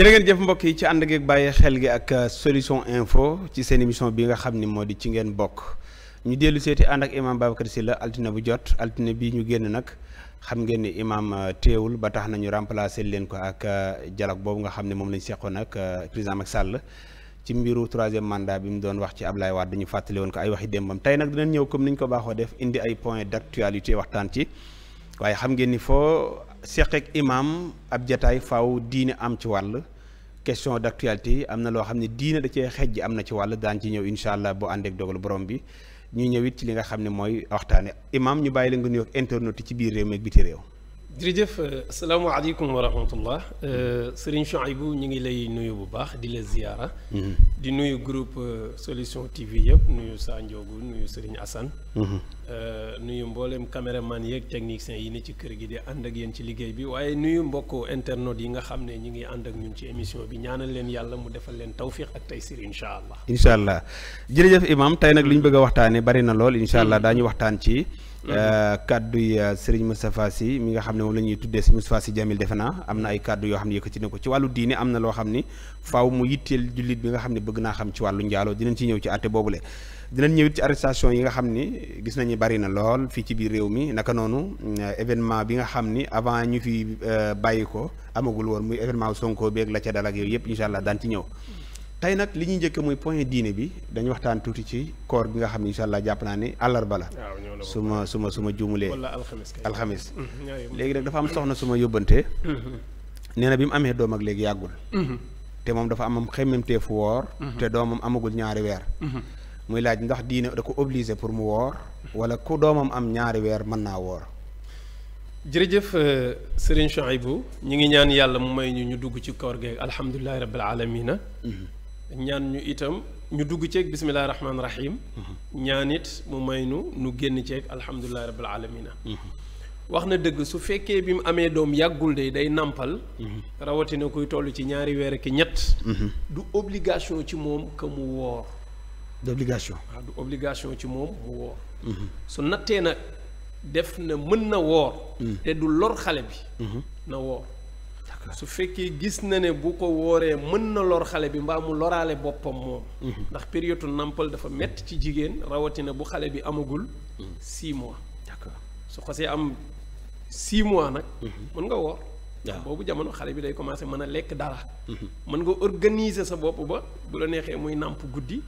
jërë ngeen jëf mbokk yi ci ànd geeg bàyyi xel gi ak euh, solution info ci seen émission bi nga xam ni moo di ci ngeen bokk ñu dellu seeti ànd ak imam Babacar Sylla altine bu jot altine bi ñu génn nag xam ngeen ni imam euh, teewul ba tax nañu remplacer leen ko ak euh, dialogue boobu nga xam ne moom lañ seqoon ak président Macky Sall ci mbiru troisième mandat bi mu doon wax ci Ablaye Wade dañu fàttali woon ko ay waxi démbam tey nag dinañ ñëw comme niñ ko baaxoo def indi ay point d'actualité waxtaan ci waaye xam seq ak imaam ab jataay faaw diine am ci wàll question d'actualité am na loo xam ne diine da cee xejj am na ci wàll daan ci ñëw incha allah boo àndeek dogal borom bi ñu ñëw it ci li nga xam ne mooy waxtaane imaam ñu bàyyi la nga nuyu ak internet yi ci biir réew mi ak biti réew jërëjëf asalaamaaleykum euh, wa rahmatullah euh, Serigne Chouaibou ñu ngi lay nuyu bu baax di la ziyaara mhm. di nuyu groupe euh, Solution TV yëpp nuyu Sa Ndiogou nuyu Serigne Assane mhm. Euh, nuyu mboolem mbooleem caméraman yeeg technicien yi ne ci kër gi di ànd ak yéen ci liggéey bi waaye nuyu mbokk internautes yi nga xam ne ñu ngi ànd ak ñun ci émission bi ñaanal leen yàlla mu defal leen tawfiq ak taysir incha allah. incha allah jërëjëf imam tey nag li ñu bëgg a waxtaanee bari na lool incha allah mm-hmm. daañu waxtaan ci. Mm-hmm. Euh, kaddu yi euh, Serigne Moustapha Sy mi nga xam ne moom la ñuy tuddee si Moustapha Sy Jamil defe naa am na ay kàddu yoo xam ne yëkkati na ci wàllu diine am na loo xam ni faaw mu yitteel bi nga xam ne bëgg naa xam ci wàllu njaaloo dinañ ci ñëw ci àtte boobule dinañ ñëwit ci arrestation yi nga xam ni gis nañu bari na lool fii ci biir réew mi naka noonu euh, événement bi nga xam ni avant ñu fi euh, bàyyi ko amagul woon muy événement Sonko beeg la ca dal ak yooyu yëpp incha allah daan ci ñëw. tey nag li ñuy njëkke muy point diine bi dañu waxtaan tuuti ci koor bi nga xam ne incha allah jàpp naa ni àllarba la su ma su ma su ma juumulee alxamis mm-hmm. léegi nag dafa am soxna su ma yóbbante mm-hmm. nee bi mu amee doom ak léegi yàggul mm-hmm. te moom dafa amam xemmemteefu woor te doomam amagul ñaari weer muy laaj ndax diine da ko obligé pour mu woor wala ku doomam am ñaari weer mën naa woor jërëjëf euh, sëriñ Chouaïbou ñu ngi ñaan yàlla mu may ñu ñu dugg ci koor geeg alhamdulilahi rabbil alamina mm-hmm. ñaan ñu itam ñu dugg ceeg bisimilahi rahmaani rahim mm-hmm. ñaan it mu may nu nu génn ceeg alhamdulilahi rabbil alamina mm-hmm. wax na dëgg su fekkee bi mu amee doom yàggul de day nàmpal rawatina kuy toll ci ñaari weer ak ñett du obligation ci moom que mu woor d'obligation waaw ah, du obligation ci moom mu woor mhm. su nattee nag def na mën na woor mhm. te du lor xale bi mhm. na woor su fekkee gis na ne bu ko wooree mën na lor xale bi mbaa mu loraale boppam moom ndax période nampal dafa metti ci jigéen rawatina bu xale bi amagul six mois su xasee am six mois nag mën nga woor boobu jamono xale bi day commencer mën a lekk dara mën nga organiser sa bopp ba bu la neexee muy nàmp guddi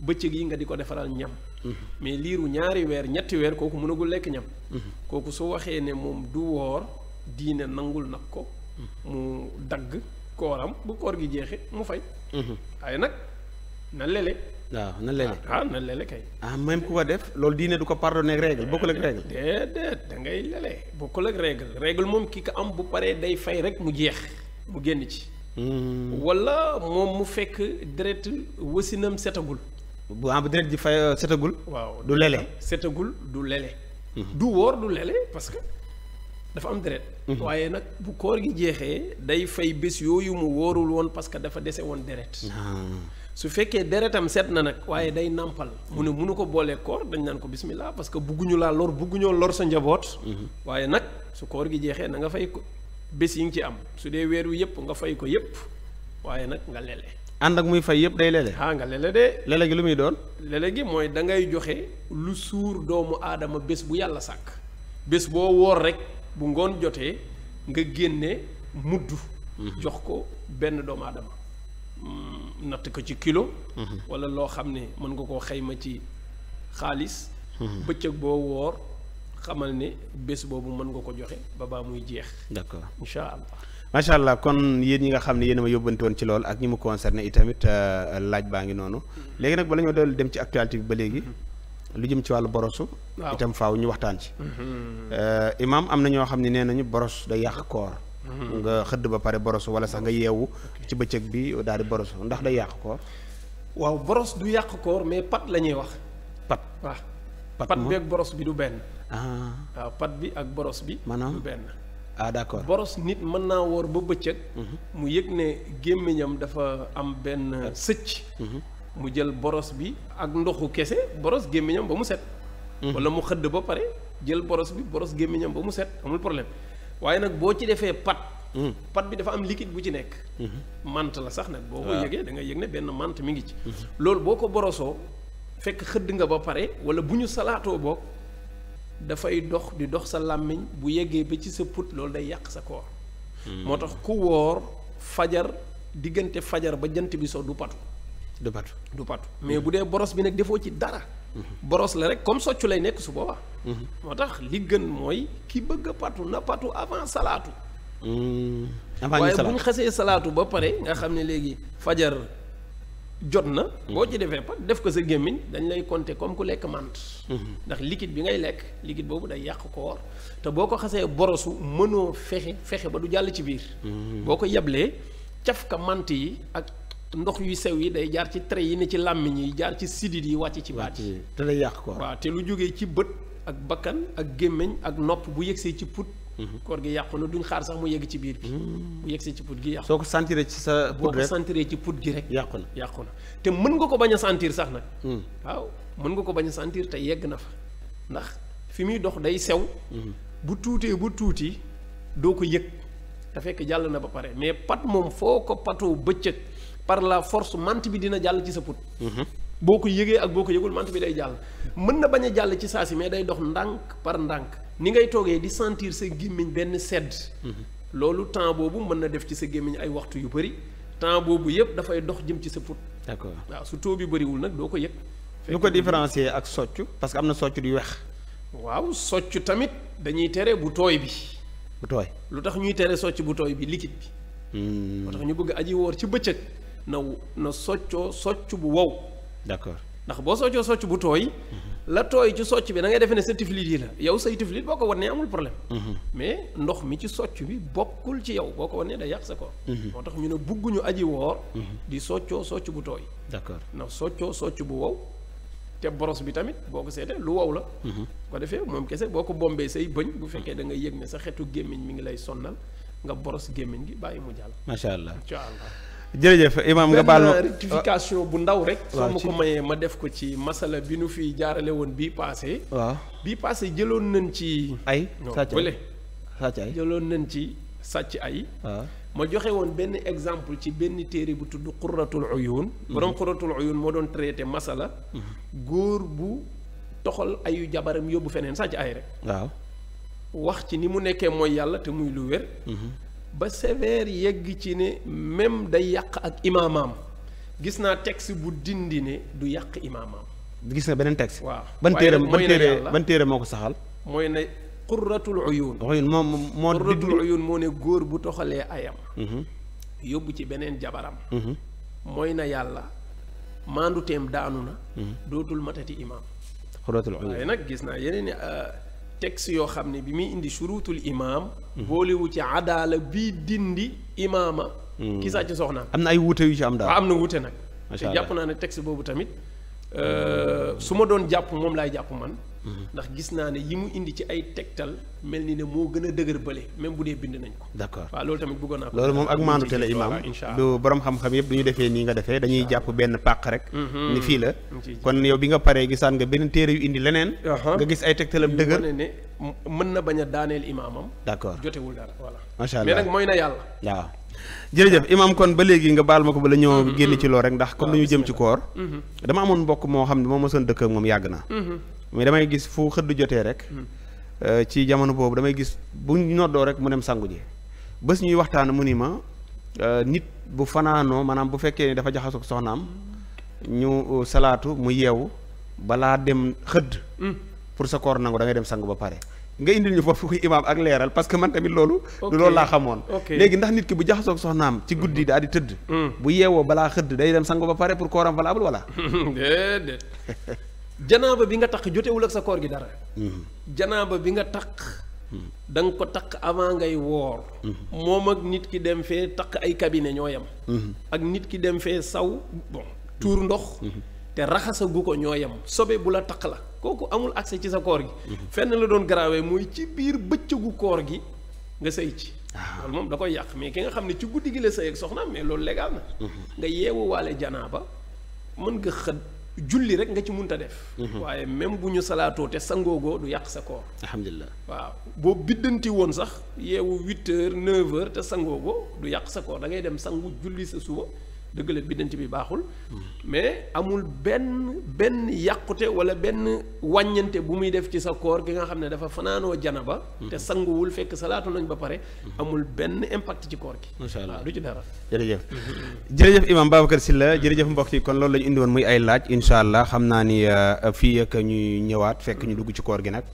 bëccëg yi nga di ko defaral ñam. Mm-hmm. mais liiru ñaari weer ñetti weer kooku mënagul lekk ñam. Mm-hmm. kooku su waxee ne moom du woor diine nangul nag ko. Mm-hmm. mu dagg kooram bu koor gi jeexee mu fay. waaye nag na lele. waaw na lele ah, ah, na lele kay. ah même ku ko def loolu diine du ko pardonné ak règle bokkul ak règle. déedéet da ngay lele bokkul ak règle règle moom ki ko am bu paree day fay rek mu jeex mu génn ci. walla moom mu fekk deret wasinam setagul. bu en direct ji fay euh, setagul. waaw du lele. setagul du lele. du wóor du lele parce que dafa am deret mhm. waaye nag bu koor gi jeexee day fay bés yooyu mu wóorul woon parce que dafa dese woon deret ah. su fekkee deretam set na nag waaye day nàmpal mu ne munu ko boolee koor dañ naan ko bismillah parce que bugguñu laa lor bugguñoo lor sa njaboot. Mhm. waaye nag su koor gi jeexee na nga fay ko bés yi nga ci am su dee weeru yëpp nga fay ko yëpp waaye nag nga lele. ànd ak muy fay yëpp day lele. ah nga lele de. lele gi lu muy doon. lele gi mooy da ngay joxe lu suur doomu aadama bés bu yàlla sàkk bés boo woor rek bu ngoon jotee nga génne mudd. Mhm. jox ko benn doomu aadama. Mm, natt ko ci kilo. Mhm. wala loo xam ne mën nga koo xayma ci xaalis. Mhm. bëccëg boo woor xamal ne bés boobu mën nga ko joxe ba baa muy jeex. d'accord incha allah. macha allah kon yéen ñi nga xam ne yéen ma yóbbante woon ci lool ak ñi mu concerné itamit euh, laaj baa ngi noonu mm-hmm. léegi nag bala ñoo doon dem ci actualité bi ba léegi mm-hmm. lu jëm ci wàllu borosu itam faaw ñu waxtaan ci mm-hmm. euh, imaam am na ñoo xam ne nee nañu boros da yàq koor nga xëdd ba pare borosu wala sax nga yeewu ci bëccëg bi daal di borosu ndax day yàq koor waaw boros du yàq koor mais pat lañuy wax pat ah. waaw pat bi ak boros bi du benn waaw pat bi ak boros bi du ah d'accord boros nit mën naa woor ba bëccëg. Mhm. mu yëg ne gémmiñam dafa am benn ah. sëcc. Mhm. mu jël boros bi ak ndoxu kese boros gémmiñam ba mu set. Mhm. wala mu xëdd ba pare jël boros bi boros gémmiñam ba mu set amul problème waaye nag boo ci defee pat. pat bi dafa am liquide bu ci nekk. mante la sax nag. boo ko yëgee da nga yëg ne benn mante mi ngi ci. loolu boo ko borosoo fekk xëdd nga ba pare wala bu ñu salaatoo boog. dafay dox di dox sa làmmiñ bu yeggee ba ci sa put loolu day yàq sa koor hmm. moo tax ku woor fajar diggante fajar ba jant bi so du patu du patu du patu hmm. mais bu dee boros bi nag defoo ci dara hmm. boros la rek comme soccu lay nekk su boobaa moo tax li gën mooy ki bëgg a patu na patu avant salaatu waaye bu ñu xasee salaatu ba pare nga xam ne léegi fajar jot na. Mm-hmm. boo ci defee pat def ko sa gémmiñ dañ lay compter comme ku lekk mànt mm-hmm. ndax liquide bi ngay lekk liquide boobu day yàq koor te boo ko xasee borosu mënoo fexe fexe ba du jàll ci biir. Mm-hmm. boo ko yeblee caf ka mànt yi ak ndox yu sew yi day jaar ci trait yi ni ci làmmiñ yi jaar ci sidit yi wàcc ci baat yi. te yàq koor waaw lu jógee ci bët ak bakkan ak gémmiñ ak nopp bu yegsee ci put. Mhm. koor gi yàqu na duñ xaar sax mu yegg ci biir bi bu mm. yegg see ci put gi yàqu soo ko sentiree ci sa put rek boo ko ci put gi rek yàqu na yàqu na te mën nga ko bañ a sentir sax nag mm. mën nga ko bañ a sentir te yegg na fa ndax fi muy dox day sew mm-hmm. bu tuutee bu tuuti doo ko yëg te fekk jàll na ba pare mais pat moom foo ko patoo bëccëg par la force mant bi dina jàll ci sa put mm-hmm. boo ko yëgee ak boo ko yëgul mant bi day jàll mën na bañ a jàll ci saa si mais day dox ndànk par ndànk ni ngay toogee di sentir sa gémmiñ benn sedd loolu temps boobu mën na def ci sa gémmiñ ay waxtu yu bëri temps boobu yëpp dafay dox jëm ci sa put d'accord waaw su taux bi bëriwul nag doo ko yëg lu ko différencier ak soccu parce que am na soccu du wex waaw soccu tamit dañuy tere bu tooy bi bu tooy lu tax ñuy tere socc bu tooy bi liquide bi hmm. moo tax ñu bëgg aji woor ci bëccëg na na soccoo socc bu wow d'accord ndax boo soccoo socc bu tooy la tooy ci socc bi da ngay defee ne sa tiflit yi la yow say tiflit boo ko wannee amul problème mais ndox mi ci socc bi bokkul ci yow boo ko wannee day yàq sa ko moo tax ñu ne bugguñu aji woor di soccoo socc bu tooy ndax soccoo socc bu wow te boros bi tamit boo ko seetee lu wow la ko defee moom kese boo ko bombee say bëñ bu fekkee da ngay yëg ne sa xetu gémmiñ mi ngi lay sonnal nga boros gémmiñ bi bàyyi mu jàll macha allah jërëjëf imaam nga baal ma bu ndaw rek. soo ma ko ma def ko ci masala bi nu fi jaarale woon bii passé waaw bii jëloon nañ ci. ay sàcc ay jëloon nañ ci sàcc ay. ma joxe woon benn exemple ci benn téere bu tudd Qurratul Uyun. borom mhm. moo doon traité masala. Mhm. góor bu toxal ayu jabaram yóbbu feneen sàcc ay rek. waaw wax ci ni mu nekkee mooy yàlla te muy lu wér. Mhm. ba sévère yegg ci ne même day yàq ak imaamam gis naa tex bu dindi ne du yàq imaamam. gis nga beneen texte. waaw ban téere ban téere moo ko saxal. mooy ne qurratul uyun. moo ne góor bu toxalee ayam. Mm-hmm. yóbbu ci beneen jabaram. Mm-hmm. mooy na yàlla maandu teem daanu na. Mm-hmm. dootul matati imaam. qurratul uyun nag gis naa yeneen i. Euh, texte yoo xam ne bi muy indi shurutul imaam. boolewu ci adaala bi dindi imaama. Hmm. kii sàcc soxnaam. am na ay wuute yu ci am daal am na wuute nag. te jàpp naa ne texte boobu tamit euh, su ma doon jàpp moom laay jàpp man. Mhm. ndax gis naa ne yi mu indi ci ay tegtal mel ni ne moo gën a dëgër bële même bu dee bind nañ ko. d' accord waaw loolu tamit bëggoon naa ko. loolu moom ak maandu te la imaam du borom xam-xam yëpp du ñu defee nii nga defee dañuy jàpp benn pàq rek. Mhm. ni fii la. kon yow bi nga paree gisaan nga benn téere yu indi leneen. Uh-huh. nga gis ay tegtalam dëgër ne mën na bañ a daaneel imaamam. d' accord jotewul dara voilà. allah mais nag mooy imaam kon ba léegi nga baal ma ko ba la ñoo mhm. génn ci lool rek ndax comme dañu jëm ci koor dama amoon mbokk moo xam ne moom mosoon yàgg na mais damay gis fu xëdd jotee rek. Hmm. Euh, ci jamono boobu damay gis bu noddoo rek mu dem sangu ji bés ñuy waxtaan mu ni ma euh, nit bu fanaanoo maanaam bu fekkee ni dafa jaxasoo soxnaam ñu euh, salaatu mu yeewu balaa dem xëdd. Hmm. pour sa koor nangu da ngay dem sangu ba pare. nga indil ñu foofu kuy imaam ak leeral parce que man tamit loolu. du loolu laa xamoon. léegi ndax nit ki bu jaxasoog soxnaam. ci guddi hmm. daal di tëdd. bu yeewoo balaa xëdd day dem sangu ba pare pour kooram valable wala. déedéet. janaaba bi nga takk jotewul ak sa koor gi dara mm-hmm. janaaba bi nga takk mm-hmm. da nga ko takk avant ngay woor mm-hmm. moom ak nit ki dem fee takk ay cabinet ñoo yem ak nit ki dem fee saw bon tuur ndox te raxasagu ko ñoo yem sobe bu la takk la kooku amul accès ci sa koor gi fenn la doon garaawee mooy ci biir bëccëgu koor gi nga sëy ci ah. loolu moom da koy yàq mais ki nga xam ne ci guddi gi la sëy ak soxna mais loolu légal na nga yeewu waale janaaba mën nga xëdd julli rek nga ci munta def mhm. waaye même bu ñu salaatoo te sangoogoo du yàq sa koor alhamdulilah waaw boo biddanti woon sax yeewu huit heures neuf te sangoogoo du yàq sa koor da ngay dem sangu julli sa suba dëgg la biddanti bi baaxul hmm. mais amul benn benn yàqute wala benn wàññante bu muy def ci sa koor gi nga xam ne dafa fanaanoo ba hmm. te sanguwul fekk salaatu nañ ba pare hmm. amul benn impact ci koor gi macha allah du ci dara jërëjëf jërëjëf imam Babacar Sylla jërëjëf mbokk yi kon loolu la indi woon muy ay laaj incha allah xam naa ni euh, euh, fii ak ñuy ñëwaat fekk ñu dugg ci koor gi nag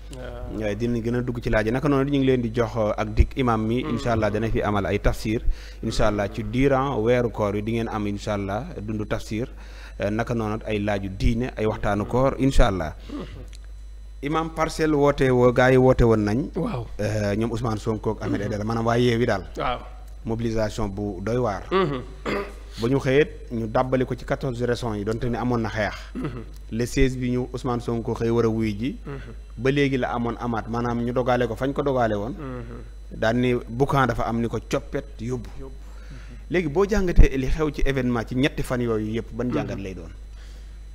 dina gën a dugg ci laaj yi naka noonu ñu ngi leen di jox euh, ak dik imam mi incha allah dana fi amal ay tafsir incha allah ci diiran weeru koor yi di ngeen am incha allah dundu tafsir eh, naka noonu ay laaju diine ay waxtaanu koor incha allah. imam parcelle woote woo gars yi woote woon nañ. waaw eh, ñoom uh, Ousmane Sonko ak Ahmed maanaam waa yeewi daal. mobilisation bu doy waar. Mm-hmm. ba ñu xëyeet ñu dàbbali ko ci quatorze raisons yi donte ne amoon na xeex. Mm-hmm. le seize bi ñu Ousmane Sonko xëy war a wuy ji. Mm-hmm. ba léegi la amoon amaat maanaam ñu dogaale ko fañ ko dogaale woon. daan ni boucan dafa am ni ko coppet yóbbu. léegi boo jàngatee li xew ci événement ci ñetti fan yooyu yëpp ban hmm. jàngat lay doon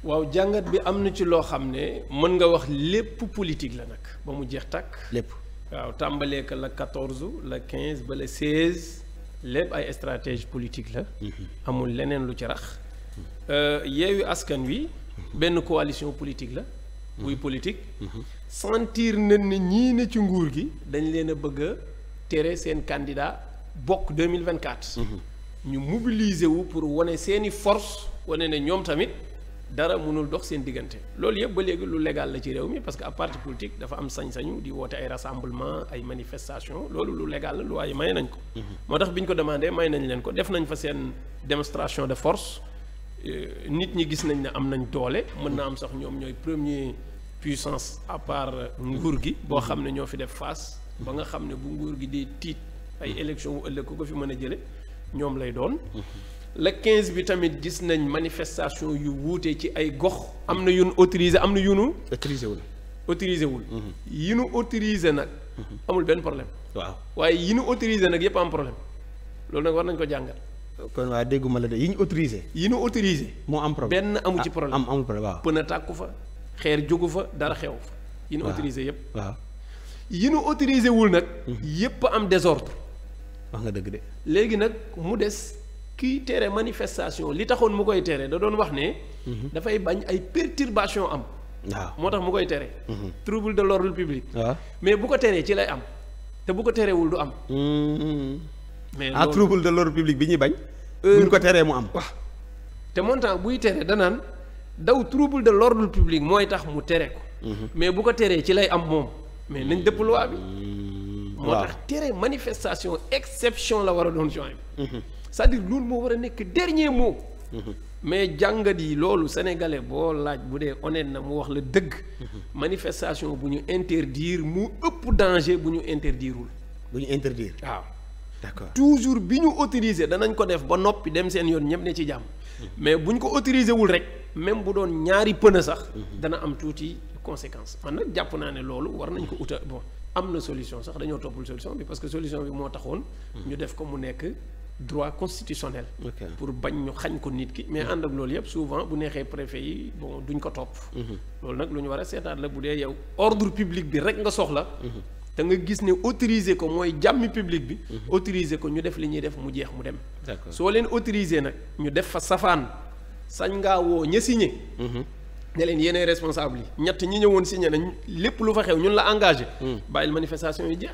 waaw jàngat bi am na ci loo xam ne mën nga wax lépp politique la nag ba mu jeex tàkk lépp waaw tàmbalee ka la quatorze la quinze ba la seize lépp ay stratégie politique la hmm. amul leneen lu ci rax hmm. euh, yeewu askan wi benn coalition politique la buy politique sentir na ne ñii ne ci nguur gi dañ leen a bëgg a tere seen candidat bokk 2024 ñu mobiliser wu pour wane seeni force wane ne ñoom tamit dara mënul dox seen diggante loolu yëpp ba léegi lu legal la ci réew mi parce que ab parti politique dafa am sañ-sañu di woote ay rassemblement ay manifestation loolu lu legal la lu waaye may nañ ko mhm. moo tax bi ñu ko demandé may nañ leen ko def nañ fa seen démonstration de force euh, nit ñi gis nañ ne am nañ toole mën na am sax ñoom ñooy premier puissance à part nguur gi boo xam ne ñoo fi def face mhm. ba nga xam ne bu nguur gi di tiit ay élection wu ëllëg fi mën a jële ñoom lay doon. Mhm. le quinze bi tamit gis nañ manifestation yu wuute ci ay gox am na yu nu autorisé am na yu nu. autorisé wul wul. Mhm. yi nu autorisé nag. Mhm. amul benn problème. waaw waaye yi nu autorisé nag yëpp am problème loolu nag war nañ ko jàngal. kon dégguma la de yi ñu autorisé. yi nu moo am problème amu ci ah, problème am amul a tàkku fa xeer jógu fa dara xew fa. yi yëpp. waaw yi nu wul nag. yëpp am désordre. wax nga dëgg de. léegi nag mu des kiy tere manifestation li taxoon mu koy tere da doon wax ne. Mhm. dafay bañ ay perturbation am. waaw moo tax mu koy tere. Mhm. trouble de l'ordre public. waaw mais bu ko teree ci lay am te bu ko terewul du am. Mhm. mais ah, loolu trouble de l'ordre public bi ñuy bañ. Euh, buñ ko teree mu am. waaw te montant buy tere naan daw trouble de l'ordre public mooy tax mu tere ko. mais bu ko teree ci lay am moom mais nañ dëpp loi bi. moo tax tere manifestation exception la war a doon juin bi mhm. cest dire loolu moo war a nekk dernier mot mhm. mais jàngat yi loolu sénégalais boo laaj bu dee honnête na mu wax la dëgg mhm. manifestation bu ñu interdire mu ëpp danger bu ñu interdirewul bu ñu interdire waaw d'accord toujours bi ñu autorisé danañ ko def ba noppi dem seen yoon ñëpp ne ci jàmm mais bu ñu ko autorisé wul rek même bu doon ñaari pëna sax dana am tuuti conséquence man nag jàpp naa ne loolu war nañ ko uta am na solution sax dañoo toppul solution bi parce que solution bi moo taxoon. ñu def ko mu nekk droit constitutionnel. pour bañ ñu xañ ko nit ki. mais ànd ak loolu yëpp souvent bu neexee préfet yi bon duñ ko topp. Mhm. loolu nag lu ñu war a seetaat la bu dee yow ordre public bi rek nga soxla. Mhm. te nga gis ne autoriser ko mooy jàmmi public bi. Mhm. autoriser ko ñu def li ñuy def mu jeex mu dem. d'accord soo leen autoriser nag ñu def fa safaan sañ ngaa woo ña signé. ne leen yeneen responsable yi ñett ñi ñëwoon signé nañ lépp lu fa xew ñun la engagé. Hmm. bàyyil manifestation yi jeex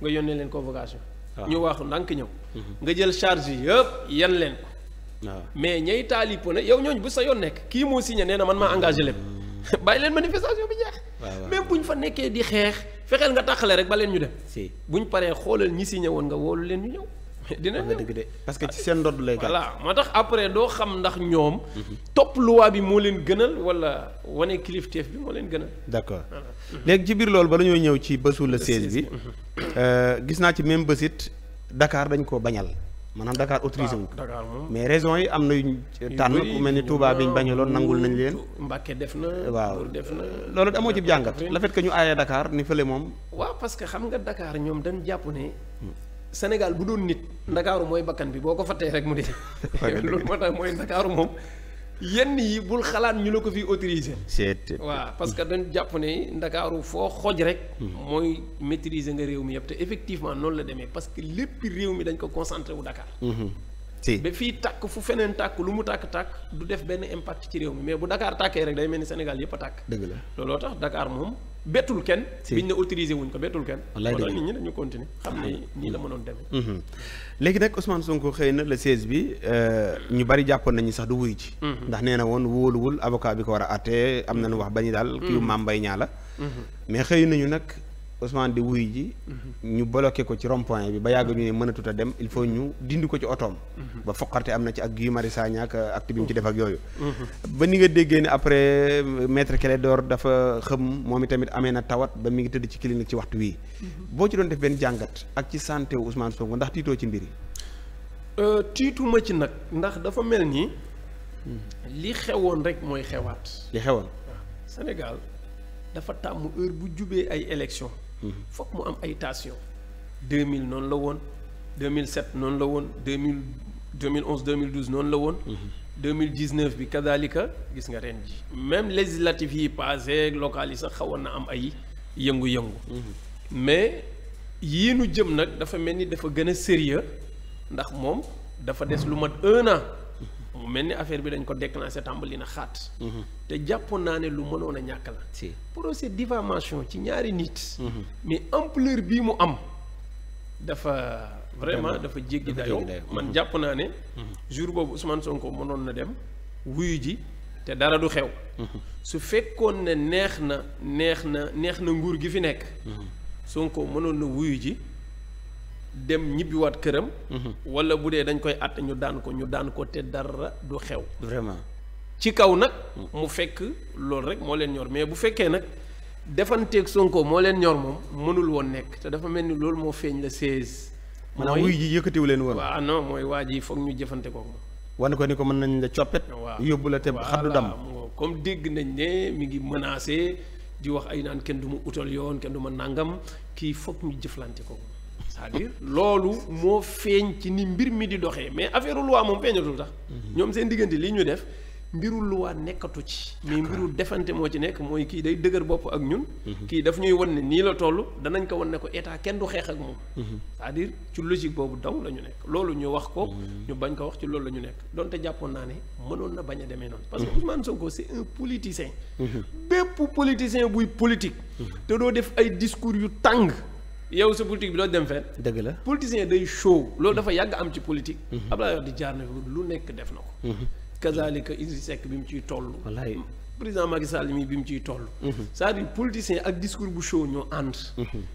nga yónnee leen convocation. Ah. ñu waaxu ndànk ñëw. Hmm. nga jël charge yi yëpp yan leen ko. Ah. mais ñay taali pone yow ñooñu bu sa yoon nekk kii moo signé nee na man ma engagé lépp hmm. bàyyi leen manifestation bi jeex. même bu ñu fa nekkee di xeex fexeel nga tàqale rek ba leen ñu dem. si bu ñu paree xoolal ñi signé woon nga woolu leen ñu ñëw. dina dëgg de parce que ci seen ndodd lay gàtt voilà moo tax après doo xam ndax ñoom topp luwaa bi moo leen gënal wala wane kilifteef bi moo leen gënal d'accord léegi ci biir loolu ba la ñëw ci bésu le 16 bi euh, gis naa ci même bés it Dakar dañ koo bañal maanaam Dakar autorisé wu ah, mais raison yi am na yu tànn mel ni Touba bi ñu bañaloon nangul nañ leen. Mbàkke def na. waaw def loolu amoo ci jàngat. le fait que ñu aayee Dakar ni fële moom. waaw parce que xam nga dakaar ñoom dañ jàpp ne Sénégal bu doon nit ndakaaru mooy bakkan bi boo ko fattee rek mu di loolu moo tax mooy ndakaaru moom yenn yi bul xalaat ñu la ko fi autorisé waa parce que dañ jàpp ne ndakaaru foo xoj rek hmm. mooy maîtriser nga réew mi yëpp te effectivement noonu la demee parce que lépp réew mi dañ ko concentré wu Dakar hmm. si ba fii tàkk fu feneen tàkk lu mu tàkk-tàkk du def benn impact ci réew mi mais bu Dakar tàkkee rek day mel ni Sénégal yëpp a tàkk dëgg la looloo tax Dakar moom bettul kenn. si biñ ne autorisé wuñ ko bettul kenn. wallaay dëgg nit ñi dañu continuer xam ne nii la mënoon demee. Mm-hmm. léegi nag Ousmane Sonko xëy na le 16 bi euh, ñu bari jàppoon nañu sax du wuyu ci. Mm-hmm. ndax nee na woon wóoluwul avocat bi ko war a àtte am nañu wax ba ñu daal. kii mm-hmm. Mame Mbaye Niang la. mais xëy nañu nag. Ousmane di wuyu ji. ñu bloqué ko ci rond point bi ba yàgg ñu ne mënatut a dem il faut ñu dindi ko ci otoom. ba foqarte am na ci ak Guy Marius Sagna ak euh, acte bi mu ci def ak yooyu. ba ni nga déggee ne après euh, maître Clédor dafa xëm moom itamit amee na tawat ba mi ngi tëdd ci clinique ci waxtu wii. boo ci doon def benn jàngat ak ci santé wu Ousmane Sonko ndax tiitoo ci mbir yi. Euh, tiituma ci nag ndax dafa mel nii li xewoon rek mooy xewaat. li xewoon Sénégal dafa tàmm heure bu ay élection fokk mu am ay tension 2000 noonu la woon 2007 noonu la woon 2000 2011 2012 noonu la woon 2019 mhm. bi kadalika gis nga ren ji même législative yi passé locales yi sax xawoon na am ay yëngu-yëngu mhm. mais yii nu jëm nag dafa mel ni dafa gën a sérieux ndax moom dafa des lu ma un an mu mel ni affaire bi dañ ko déclenché tàmbali na xaat. Mhm. te jàpp naa ne lu mënoon a ñàkk la. si procès diffamation ci ñaari nit. Mhm. mais ampleur bii mu am dafa. vraiment dafa jéggi dayoo man mhm. jàpp naa ne. jour boobu Ousmane Sonko mënoon na dem wuyu ji te dara du xew. su fekkoon ne neex na neex na neex na nguur gi fi nekk. Sonko mënoon na wuyu ji. dem ñibbiwaat këram. Mhm. wala bu dee dañ koy àtt ñu daan ko ñu daan ko te dara du xew. vraiment ci kaw nag. Mm. mu fekk loolu rek moo leen ñor mais bu fekkee nag defanteeg Sonko moo leen ñor moom mënul woon nekk te dafa mel ni loolu moo feeñ la 16. maanaam wuy ji yëkkatiwu leen woon. waaw non mooy waa ji foog ñu jëfante ko. wane ko ni ko mën nañ la coppet. waaw yóbbu la te xaddu dam comme dégg nañ ne mi ngi menacé di wax ay naan kenn du ma utal yoon kenn du ma nàngam kii foog ñu jëflante ko. cest à loolu moo feeñ ci ni mbir mi di doxee mais affaire loi moom feeñatul sax. Mhm. ñoom seen diggante lii ñu def mbiru loi nekkatu ci. mais mbiru defante moo ci nekk mooy kii day dëgër bopp ak ñun. Mhm. kii daf ñuy wan ne nii la toll danañ ko wan ne ko état kenn du xeex ak moom. Mhm. c'est-à-dire ci logique boobu daw la ñu nekk loolu ñu wax ko. ñu bañ ko wax ci loolu la ñu nekk donte jàppoon naa ne mënoon na bañ a demee noonu. parce que Ousmane Sonko c'est un politicien. bépp politicien buy politique. te doo def ay discours yu tàng. yow sa politique bi doo dem fenn. dëgg la politicien day show loolu dafa yàgg am ci politique. Mhm. Abdoulaye Wade jaar na lu nekk def na ko. Mhm. kazaalika Idriss Seck bi mu ciy toll. wallaay président Macky Sall mi bi mu ciy toll. Mhm. c'est-à-dire politicien ak discours bu show ñoo ànd.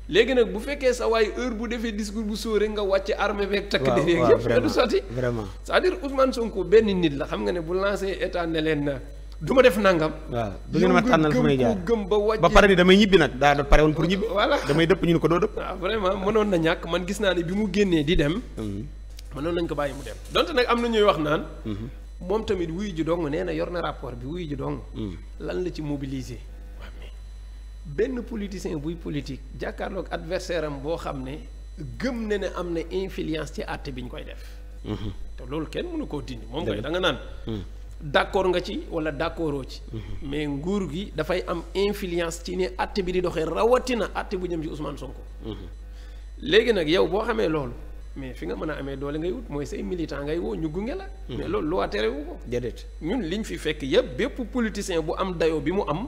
léegi nag bu fekkee sa waaye heure bu defee discours bu show nga wàcce armée beeg. takk der yeeg yëpp du sotti. vraiment c'est-à-dire Sonko benn nit la xam nga ne bu lancé état ne leen na. du ma def nangam. waaw du ngeen ma tànnal fu may jaar gëm ba wàcc ba pare ni damay ñibbi nag daa pare woon pour ñibbi. voilà damay dëpp ñu ne ko doo dëpp. waaw ah, vraiment mënoon na ñàkk man gis naa ne bi mu génnee di dem. Mhm. mënoon nañ ko bàyyi mu dem donte nag am na ñuy wax naan. Mhm. moom tamit wuyu ji dong nee na yor na rapport bi wuyu ji dong. Mhm. lan la ci mobiliser. benn politicien buy politique jàkkaarloog adversaire am boo xam ne gëm na ne am na influence ci àtte bi ñu koy def. te loolu kenn mënu koo dindi moom koy da nga naan. d'accord nga ci wala d'accordoo ci. Mhm. mais nguur gi dafay am influence ci ni àtte bi di doxee rawatina àtte bu jëm ci Ousmane Sonko. Mhm. léegi nag yow boo xamee loolu mais fi nga mën a amee doole ngay wut mooy say militant ngay woo ñu gunge la. Mhm. mais loolu lu waa terewu ko. déedéet ñun liñ fi fekk yëpp bépp politicien bu am dayoo bi mu am.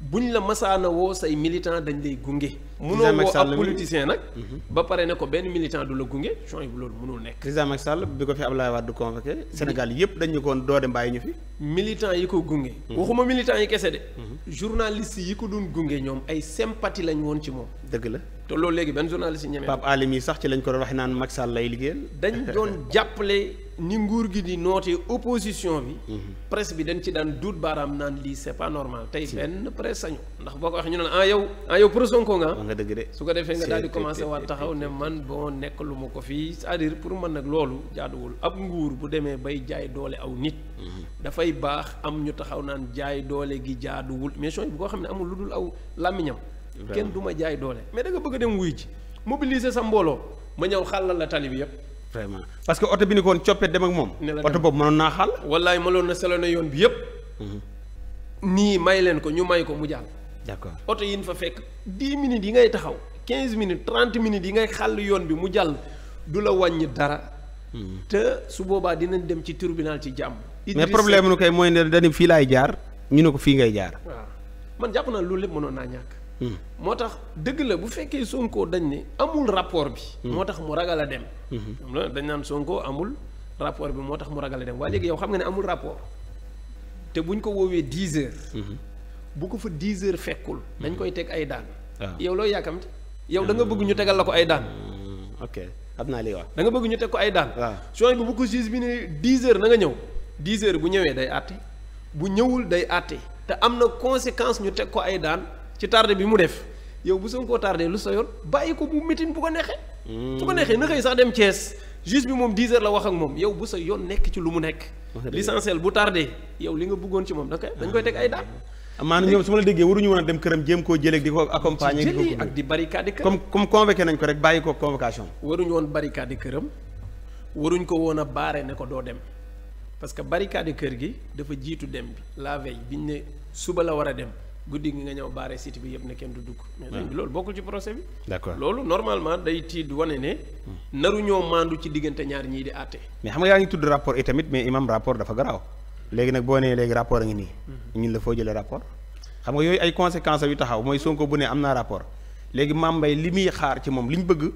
bu buñ la masaana woo say militant dañ lay gunge. munoo woo ab politicien nag. Mhm. ba pare ne ko benn militant du la gunge changement bi loolu mënul nekk. président Macky Sall bi ko fi Abdoulaye Wade convoqué. Mhm. Sénégal yëpp dañ ñu ko doode mbàyyi ñu fi. militant yi ko gunge. Mhm. waxuma militant yi kese de. journaliste yi ko doon gunge ñoom ay sympathie lañ woon ci moom. dëgg la te loolu léegi benn journaliste yi ñemee. Pape Alé mi sax ci lañ ko doon wax naan Macky Sall lay liggéeyal. dañ doon ni nguur gi di nootee opposition bi. Mhm. presse bi dañ ci daan duut baaraam naan lii c'est pas normal tey benn presse sañu ndax boo ko waxee ñu ne la ah yow ah yow pro Sonko nga su ko defee nga daal di commencé waat taxaw ne man boo nekk lu ma ko fii cest à pour man nag loolu jaaduwul ab nguur bu demee bay jaay doole aw nit. Mhm. dafay baax am ñu taxaw naan jaay doole gi jaaduwul mais sooy bu ko xam ne amul lu dul aw làmmiñam kenn du ma jaay doole mais da nga bëgg dem wuy ci mobiliser sa mbooloo ma ñëw xàllal la tali bi yëpp. vraiment parce que oto bi ni ko woon coppee dem ak moom. oto boobu mënoon naa xaal. wallaay maloon na saloon na yoon bi yëpp. Mhm. nii may leen ko ñu may ko mu jàll. d'accord oto yi fa fekk dix minutes yi ngay taxaw quinze minutes trente minutes yi ngay xàll yoon bi mu jàll du la wàññi dara. Mhm. te su boobaa dinañ dem ci tribunal ci jàmm. mais problème nu kay mooy ne dañu fii laay jaar ñu ne ko fii ngay jaar. waaw man jàpp naa loolu lépp mënoon naa ñàkk. Mm-hmm. moo tax dëgg la bu fekkee Sonko dañ ne amul rapport bi. Mm-hmm. moo tax mu ragal a dem. Mm-hmm. dañ naan Sonko amul rapport bi moo tax mu ragal dem waaye léegi yow xam nga ne amul rapport te bu ñu ko woowee dix heures. bu ko fa dix heures fekkul. dañ koy teg ay daan. Ah. yow looy yàkkamte yow da nga bëgg ñu tegal la ko ay daan. ok xam naa li wax da nga bëgg ñu teg ko ay daan. waaw ah. sooy bu ko juge bi ne dix heures na nga ñëw dix heures bu ñëwee day àtte bu ñëwul day àtte te am na conséquence ñu teg ko ay daan. ci tardé bi mu def yow bu koo tardé lu sa yoon bàyyi ko bu meeting bu ko neexee. su ko neexee na xëy sax dem Thiès juste bi moom 10 heures la wax ak moom yow bu sa yoon nekk ci lu mu nekk. l'essentiel bu tardé yow li nga bëggoon ci moom da koy koy teg ay daan. maanaam ñoom su ma la déggee waruñu dem këram jéem koo jëlee di ko accompagner. di di barricade këram comme comme convoqué nañ ko rek bàyyi ko convocation. waruñu woon barricade këram waruñ ko woon a baare ne ko doo dem parce que barricade kër gi dafa jiitu dem bi la veille ñu ne suba la war a dem guddi gi nga ñëw baare site bi yëpp ne kenn du dugg. mais sëñ bi loolu bokkul ci procès bi. d'accord loolu normalement day tiid wane ne. naru ñoo maandu ci diggante ñaar ñii di àtte. mais xam nga yaa ngi tudd rapport yi tamit mais imam rapport dafa garaaw. léegi nag boo nee léegi rapport a ngi nii. Mhm. ñun la foo jëlee rapport. xam nga yooyu ay conséquences yu taxaw mooy Sonko bu ne am naa rapport léegi Mame Mbaye li muy xaar ci moom li ñu bëgg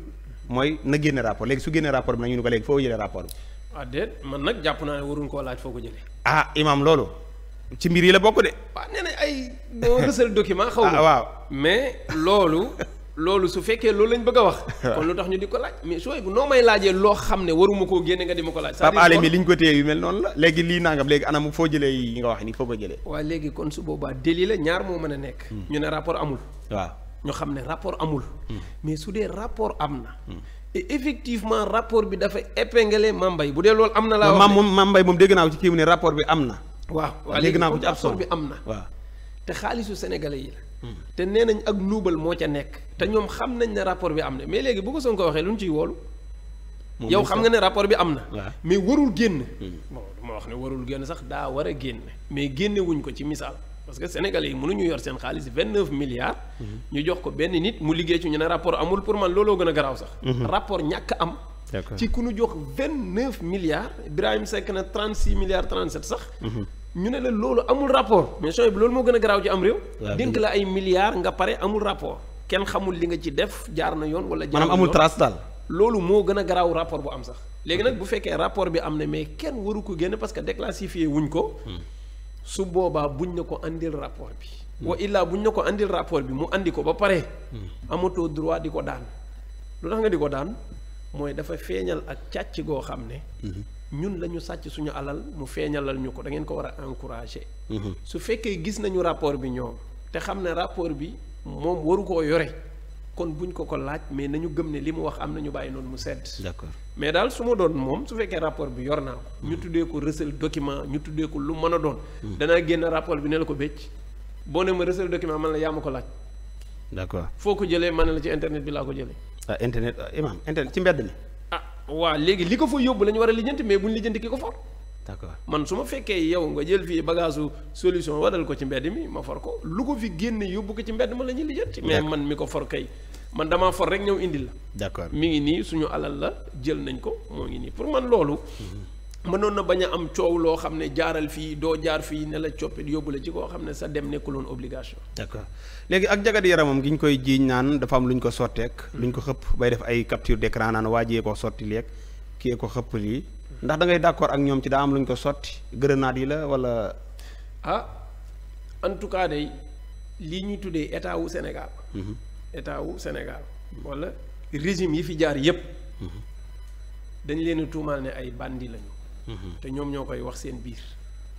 mooy na génne rapport léegi su génne rapport bi nag ñu ne ko léegi ah, jàpp naa ne waruñ koo laaj foo ko jëlee. ah ci mbir yi la bokk de. waaw nee nañ ay boo rësal document. xaw ma ah, waaw mais loolu. loolu su fekkee loolu lañ bëgg a wax. kon lu tax ñu di ko laaj mais sooy bu noo may laajee loo xam ne waruma koo génne nga di ma ko laaj. Pape Alé mi li ñu ko téye yu mel noonu la léegi lii nangam léegi anam foo jëlee yi nga wax ni foo ko jëlee. waa léegi kon su boobaa déli la ñaar moo mën a nekk. Hmm. ñu ne rapport amul. waaw ñu xam ne rapport amul. Hmm. mais su dee rapport am na. Hmm. et effectivement rapport bi dafa épinglé ma Mbaye bu dee loolu am na. laa wax ne Mame Mbaye moom dégg naa ci kii ne rapport bi am na. waaw léegi naa ko ci absor bi am na waaw te xaalisu sénégalais yi la hmm. te nee nañ ak nuubal moo ca nekk te ñoom xam nañ ne rapport bi am na mais léegi bu ko ko waxee lu ñu ciy woolu yow xam nga ne rapport bi am na mais warul génn hmm. bon duma wax ne warul génn sax daa war a génn mais génne wuñ ko ci misaal parce que sénégalais yi ñu yor seen xaalis vingt neuf milliards hmm. ñu jox ko benn nit mu liggéey ci ñu ne rapport amul pour man looloo gën a garaaw sax rapport ñàkk am ci ku ñu jox vingt neuf milliards Ibrahim Seck na trente six milliards trente sept sax ñu ne la loolu amul rapport mais sooy bi loolu moo gën a garaaw ji am réew. dénk la ay milliards nga pare amul rapport kenn xamul li nga ci def jaar na yoon. wala jaar maanaam amul trace daal. loolu moo gën a garaaw rapport bu am sax léegi nag bu fekkee rapport bi am na mais kenn waru ko génn parce que déclassifié wuñ ko. Hmm. su boobaa buñ ne ko andil rapport bi. Hmm. wa illaa buñ ne ko indil rapport bi mu andi ko ba pare. Hmm. amatoo droit di ko daan. lu tax nga di ko daan mooy dafa feeñal ak càcc goo xam ne. ñun la ñu sàcc suñu alal mu feeñalal ñu ko da ngeen ko war a encourager. Mhm. su fekkee gis nañu rapport bi ñoom te xam ne rapport bi moom waru koo yore kon buñ ko ko laaj mais nañu gëm ne li mu wax am na ñu bàyyi noonu mu sedd. d'accord mais daal su ma doon moom su fekkee rapport bi yor naa ko. ñu mhm. tuddee ko recel document ñu tuddee ko lu mën a doon. Mhm. danaa génn rapport bi ne la ko bëcc boo ne ma recel document man la yaa ma ko laaj. d'accord foo ko jëlee man la ci internet bi laa ko jëlee. ah internet ah, imam ci mbedd mi. waaw léegi li ko fa yóbbu la ñu war a lijjanti mais buñ lijjanti ki ko for d'accord man su ma fekkee yow nga jël fii bagage solution wadal ko ci mbedd mi ma for ko lu ko fi génne yóbbu ko ci mbedd ma la ñuy lijjanti mais man mi ko for kay man dama for rek ñëw indi la d'accord mi ngi nii suñu alal la jël nañ ko moo ngi nii pour man loolu mm-hmm. mënoon na bañ a am coow loo xam ne jaaral fii doo jaar fii ne la coppit yóbbu la ci koo xam ne sa dem nekkuloon obligation. léegi ak jagat yaramam gi ñu koy jiiñ naan dafa am lu ñu ko sotteek. lu ñu ko xëpp bay def ay capture d'écran naan waa jiyee ko sotti leeg ko xëpp lii ndax dangay ngay ak ñoom ci daa am lu ñu ko sotti grenade yi la wala. ah en tout cas day lii ñuy tuddee état wu Sénégal. Mhm. état wu Sénégal wala régime yi fi jaar yépp mhm. dañ leen a tuumaal ne ay bandi lañu. Mm-hmm. te ñoom ñoo koy wax seen biir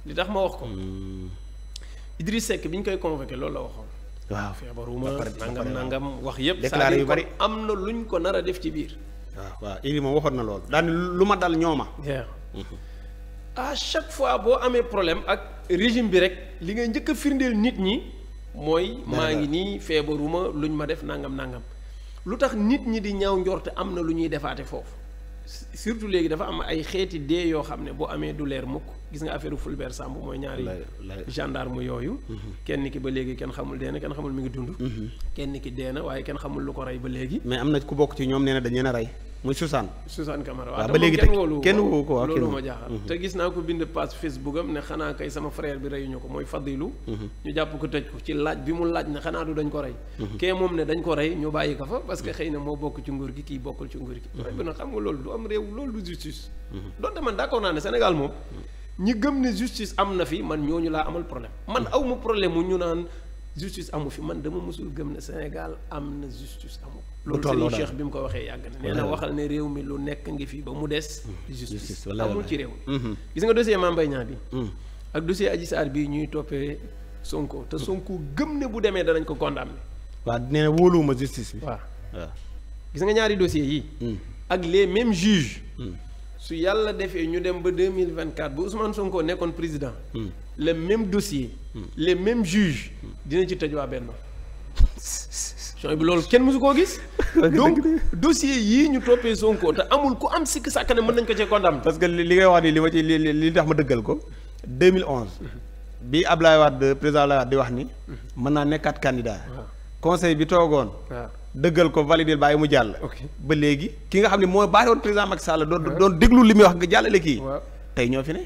li tax ma wax ko mm-hmm. Idriss Seck bi ñu koy convoqué lool la waxoon waaw feebaruma nangam nangam wax yëpp déclaré yu bari am na luñ ko nar a def ci biir waaw waaw Idi moom waxoon na loolu daal lu ma dal ñooma mm-hmm. à chaque fois boo amee problème ak régime bi rek li ngay njëkk a firndeel nit ñi mooy maa ngi nii feebaruma lu ñu ma def nangam nangam lu tax nit ñi di ñaw njorte am na lu ñuy defaate foofu surtout léegi dafa am ay xeeti dee yoo xam ne boo amee du leer mukk gis nga affaire Fulbert Sambou mooy ñaari gendarme yooyu mhm. kenn ki ba léegi kenn xamul dee na kenn xamul mu ngi dund mhm. kenn ki dee na waaye kenn xamul lu ko rey ba léegi mais am na ku bokk ci ñoom nee na dañ leen rey muy Susan. Susan Camara waaw ba léegi tey kenn woo loolu ma jaaxal mhm. te gis naa ko bind page Facebook am ne xanaa kay sama frère bi reyuñu ko mooy Fadilu mhm. ñu jàpp ko tëj ci laaj bi mu laaj ne xanaa du dañ ko rey mhm. kee moom ne dañ ko rey ñu bàyyi ko fa parce que xëy na moo bokk ci nguur gi kii bokkul ci nguur gi waaye bi na xam nga loolu du am réew loolu du justice donte man d'accord naa ne Sénégal moom ñi gëm ne justice am na fi man ñooñu laa amal problème man aw ma problème mu ñu naan justice amu fi man dama mosul gëm ne Sénégal am na justice amu loolu sëriñ Cheikh bi mu ko waxee yàgg na nee na waxal ne réew mi lu nekk ngi fi ba mu des hmm. justice amul ci réew mi hmm. gis nga dossier Mame Mbaye Niang bi hmm. ak dossier Adji Sarr bii ñuy toppee Sonko te Sonko gëm ne bu demee danañ ko condamné waaw nee na wóoluwuma justice bi waaw waaw gis nga ñaari dossiers yi ak les mêmes juges su yàlla defee ñu dem ba deux mille vingt quatre bu Ousmane Sonko nekkoon président le même dossier les mêmes juges dinañ ci tëj waa Benno sooy bi loolu kenn mësu koo gis donc dossier yi ñu toppee Sonko te amul ku am sikk sàkk ne mën nañ ko cee condamné parce que li ngay wax nii li ma ci li li tax ma dëggal ko 2011 bi Ablaye Wade président Ablaye Wade di wax ni mën naa nekkaat candidat ah. conseil bi toogoon ah. dëggal ko valider bàyyi mu jàll ba léegi ki nga xam ne mooy baaxee woon président Macky Sall doon ah. doon déglu li muy wax nga jàllale kii tey ñoo fi ne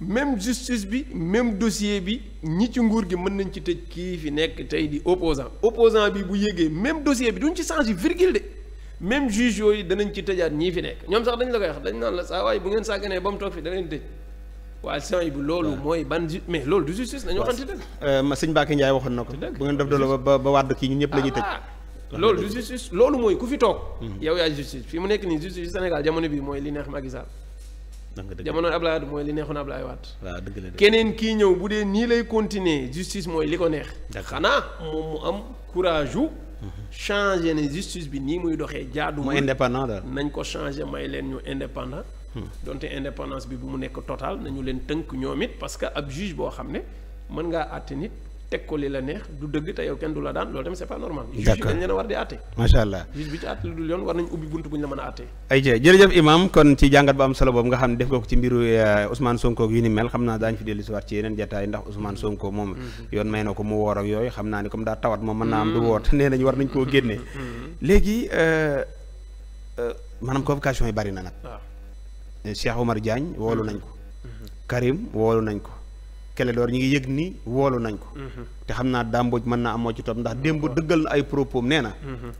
même justice bi même dossier bi ñi ci nguur gi mën nañ ci tëj kii fi nekk tey di opposant opposant bi bu yégee même dossier bi duñ ci changé virgule de même juge yooyu danañ ci tëjaat ñii fi nekk ñoom sax dañ la koy wax dañ naan la saa waaye bu ngeen sàgganee ba mu toog da leen tëj waaye saa yi ban ju mais loolu du justice dañu waxante dëgg ma euh, sëñ Mbacke Ndiaye waxoon na ko bu ngeen def doole ba ba ñëpp la ñuy tëj ah, ah. loolu mooy ku fi toog mm-hmm. yow yaay justice fi mu nekk nii Sénégal jamono bi mooy li neex Macky Sall jamono Ablaye Wade mooy li neexoon Ablaye Wade. waaw dëgg la keneen kii ñëw bu dee nii lay continuer justice mooy li ko neex. xanaa moom mu am courage wu. changer ne justice bi nii muy doxee jaadu. may indépendant daal nañ ko changer may leen ñu indépendant. Hmm. donte indépendance bi bu mu nekk total nañu leen tënk ñoom it parce que ab juge boo xam ne mën ngaa àtte nit. teg ko li la neex du dëgg te yow kenn du la daan loolu tamit c'est pas normal. d'accord dañ leen a war di àtte. macha allah juge bi ci àtte lu dul yoon war nañu ubbi bunt bu ñu la mën a àtte. ayca jërëjëf Imaam kon ci jàngat bu am solo boobu nga xam ne def nga ko ci mbiru eh, Ousmane Sonko ak yu ni mel xam naa daañu fi dellu si waat ci yeneen jataay ndax Ousmane Sonko moom. Mhm. yoon may na ko mu woor ak yooyu xam naa ni comme daa tawat moom mën naa am du mhm. woor te nee nañu war nañ koo génne. Mhm. léegi eh, eh, maanaam convocation yi bari na nag. Ah. Cheikh Omar Diagne woolu nañ ko Karim woolu nañ ko Clédor ñi ngi yëg ni woolu nañ ko. Mhm. te xam naa dàmbooj mën naa amoo ci topp ndax démb dëggal na ay propos nee na. Mhm.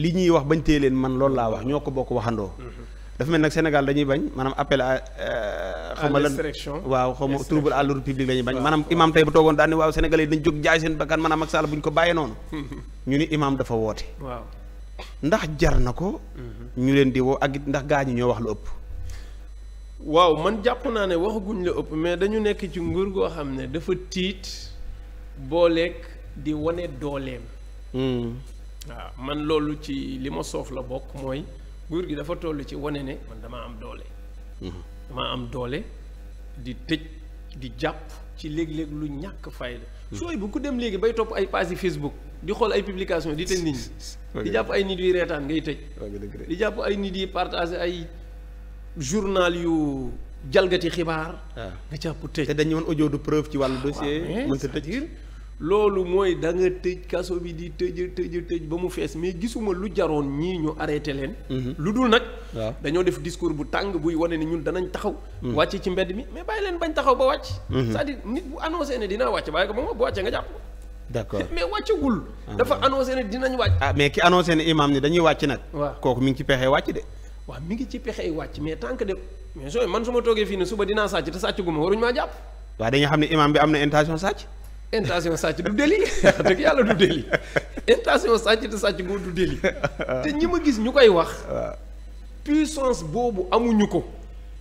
li ñuy wax bañ tee leen man loolu laa wax ñoo ko bokk waxandoo. Mhm. dafa mel nag Sénégal dañuy bañ maanaam appel à. Euh, xam nga lan waaw xam nga trouble à l'ordre public la ñuy bañ. maanaam imaam tey bu toogoon daan ne waaw Sénégalais yi dañ jóg jaay seen bakkan maanaam ak Sall bu ñu ko bàyyee noonu. ñu ni imaam dafa woote. ndax jar na ko. ñu leen di woo ak ndax gaa ñoo wax lu ëpp. waaw man jàpp naa ne waxaguñ la ëpp mais dañu nekk ci nguur goo xam ne dafa tiit booleeg di wane dooleem. Hmm. waaw man loolu ci li ma soof la bokk mooy nguur gi dafa toll ci wane ne man damaa am doole. Hmm. damaa am doole di tëj di jàpp ci léeg-léeg lu ñàkk fayda. Hmm. sooy bu ku dem léegi bay topp ay page Facebook di xool ay publication di tëj nit ñi. di jàpp ay nit yuy reetaan ngay tëj. di jàpp ay nit yi partager ay. journal yu jalgati xibaar. Ah. nga jàpp tëj. te dañu woon audio de preuve ci wàllu dossier. mënta tëj loolu mooy da nga tëj kaso bi di tëj tëj tëj ba mu fees mais gisuma lu jaroon ñii ñu arrêté leen. Mhm. lu dul nag. dañoo def discours bu tàng buy wane ni ñun danañ taxaw. Mhm. wàcc ci mbedd mi mais bàyyi leen bañ taxaw ba wàcc. Mhm. cest à nit bu annoncé ne dinaa wàcc bàyyi ko ba mu bu wàccee nga jàpp. d'accord mais wàccagul. Ah. dafa annoncé ne dinañ wàcc. ah mais ki annoncé ne imam ni dañuy wàcc nag. waaw kooku mi ngi ci pexe wàcc de. waa mi ngi ci pexey wàcc mais tant que de mais sooy man su ma toogee fii ne suba dinaa sàcc te sàcc gu ma waruñu maa jàpp. waaw dañuy xam ne imaam bi am na intention sàcc. intention sàcc du déli wax dëgg yàlla du déli intention sàcc te sàcc gu du déli te ñi ma gis ñu koy wax. puissance boobu amuñu ko.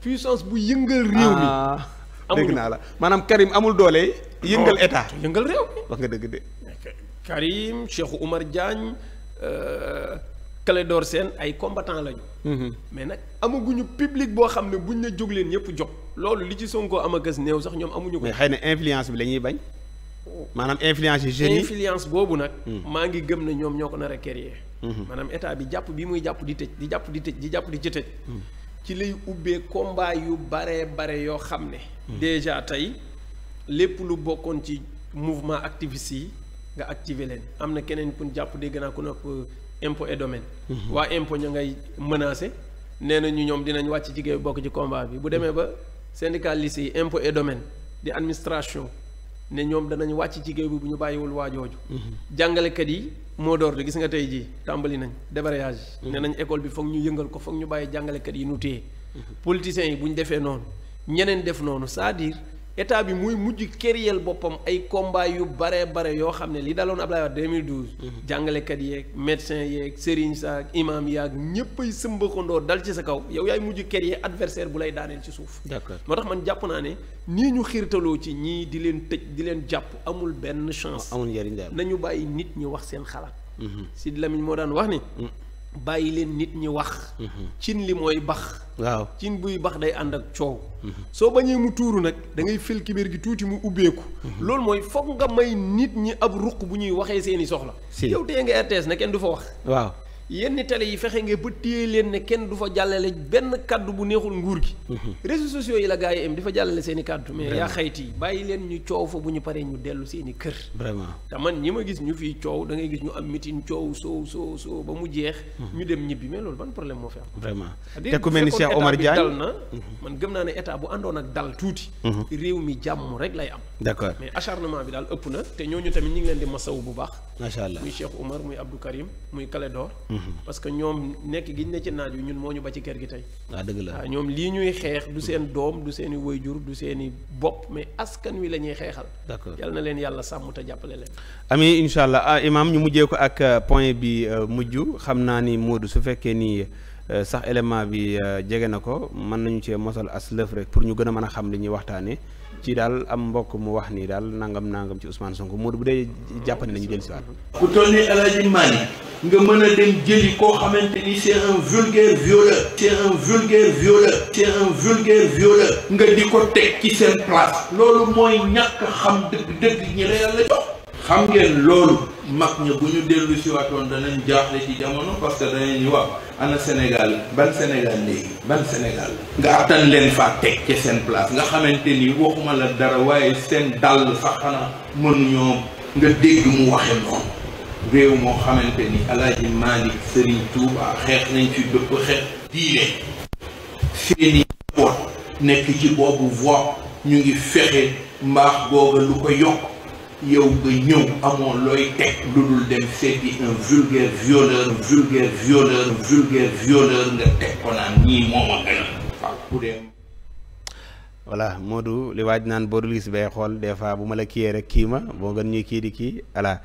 puissance bu yëngal réew mi. Ah, amuñu dégg naa la maanaam Karim amul doole. yëngal état yëngal réew mi. wax nga dëgg de. Karim Cheikh Oumar Diagne. Euh, Clédor seen ay combattant lañu. Mhm. mais nag amaguñu public boo xam ne buñ la jóg leen ñëpp jóg. loolu li ci Sonko am ak néew sax ñoom amuñu ko. mais xëy na influence bi lañuy bañ. maanaam influence yi jeunes yi influence boobu nag. Mhm. maa ngi gëm ne ñoom ñoo ko nar a créer. Mhm. maanaam état bi jàpp bi muy jàpp di tëj di jàpp di tëj di jàpp di ci tëj. ci lay ubbee combat yu baree bare yoo xam ne. déjà tey lépp lu bokkoon ci mouvement activiste yi nga activer leen am na keneen pour jàpp dégg naa impôt et domaine. Mhm. waa impo ña ngay menacé nee na ñoom dinañ wàcc jigéen bokk ci combat bi bu demee ba syndicaliste yi impôt et domaine di administration ne ñoom danañ wàcc jigéen bi bu ñu bàyyiwul waa jooju. Mhm. jàngalekat yi moo door di gis nga tey jii tàmbali nañ débrayage. Mhm. ne nañ école bi foog ñu yëngal ko foog ñu bàyyi jàngalekat yi nu téye. politiciens yi bu ñu defee noonu ñeneen def noonu cest état bi muy mujj këriyel boppam ay combat yu bare bare yoo xam ne li daloon Ablaye Wade 2012. Mhm. jàngalekat yeeg médecin yeeg sëriñ saak imam yaag ñépp ay sëmbaxandoo dal ci sa kaw yow yaay mujj këriyel adversaire bu lay daaneel ci suuf. d'accord moo tax man jàpp naa ne nii ñu xiirtaloo ci ñii di leen tëj di leen jàpp amul benn chance. amul njëriñ nañu bàyyi nit ñi wax seen xalaat. Mhm. Sidi Lamine moo daan wax ni. Mhm. bàyyi leen nit ñi wax. Mhm. cin li mooy bax. waaw cin buy bax day ànd ak coow. Mhm. soo bañee mu tuuru nag dangay ngay fël gi tuuti mu ubbeeku. Mhm. loolu mooy foog nga may nit ñi ab ruq bu ñuy waxee seeni soxla. yow tee nga RTS na kenn du fa wax. waaw yenn télé yi fexe nga ba téye leen ne kenn du fa jàllale benn kaddu bu neexul nguur gi. Mhm. réseaux sociaux yi la gars yi am di fa seen i kaddu. mais yaa xayti bàyyi leen ñu coow bu ñu paree ñu dellu seen i kër. vraiment man ñi ma gis ñu fii coow da ngay gis ñu am meeting coow soo soo soo ba mu jeex. Mhm. ñu dem ñibbi mais loolu ban problème moo fi vraiment te ku mel ni Cheikh Omar Diagne dal na. Mhm. naa ne état bu àndoon ak dal tuuti. réew mi jàmm rek lay am. d'accord mais acharnement bi daal ëpp na te ñooñu tamit ñu ngi leen di masawu bu baax. macha allah muy Cheikh Omar muy Abdou Karim muy Kaledor Mhm. parce que ñoom nekk giñ ne ci naaj wi ñun moo ñu ba ci kër gi tey. waaw ah, dëgg la ah, ñoom lii ñuy xeex du seen doom du seen i wayjur du seen i bopp mais askan wi la ñuy xeexal. d'accord yal na leen yàlla sàmm te jàppale leen. ami incha allah ah imaam ñu mujjee ko ak euh, point bi euh, mujj xam naa ni Modou su fekkee nii euh, sax élément bi uh, jege na ko mën nañu cee mosal as lëf rek pour ñu gën a mën a xam li ñuy waxtaanee ci daal am mbokk mu wax ni daal nangam nangam ci Ousmane Sonko Modou bu dee jàppandi nañu dellu si waat. ku toll nii El Mali nga mën a jëli koo xamante ni c'est un vulgaire violeur. c'est un nga di ko teg ci seen place. loolu mooy ñàkk xam dëgg-dëgg ñi la yàlla jox. xam ngeen loolu mag ña bu ñu dellu si waatoon danañ jaaxle ci jamono parce que danañ wax ana Sénégal ban Sénégal léegi ban Sénégal nga attan leen faa teg ca seen place nga xamante ni waxuma la dara waaye seen dal sax xanaa mënuñoo nga dégg mu waxe noonu réew moo xamante ni alaaji Maalik Sëriñ Tuubaa xeex nañ ci dëpp xeex diine seeni woot nekk ci boobu voie ñu ngi fexe mbaax googa lu ko yokk yow nga ñëw amoo looy teg lu dul dem seeti un vulgaire violeur vulgaire violeur vulgaire violeur nga teg ko naan ñii moom a gën a waaw ku dee naan boo dul gis bay xool des fois bu ma la kiyee rek kii ma boo gën ñuy kii di kii voilà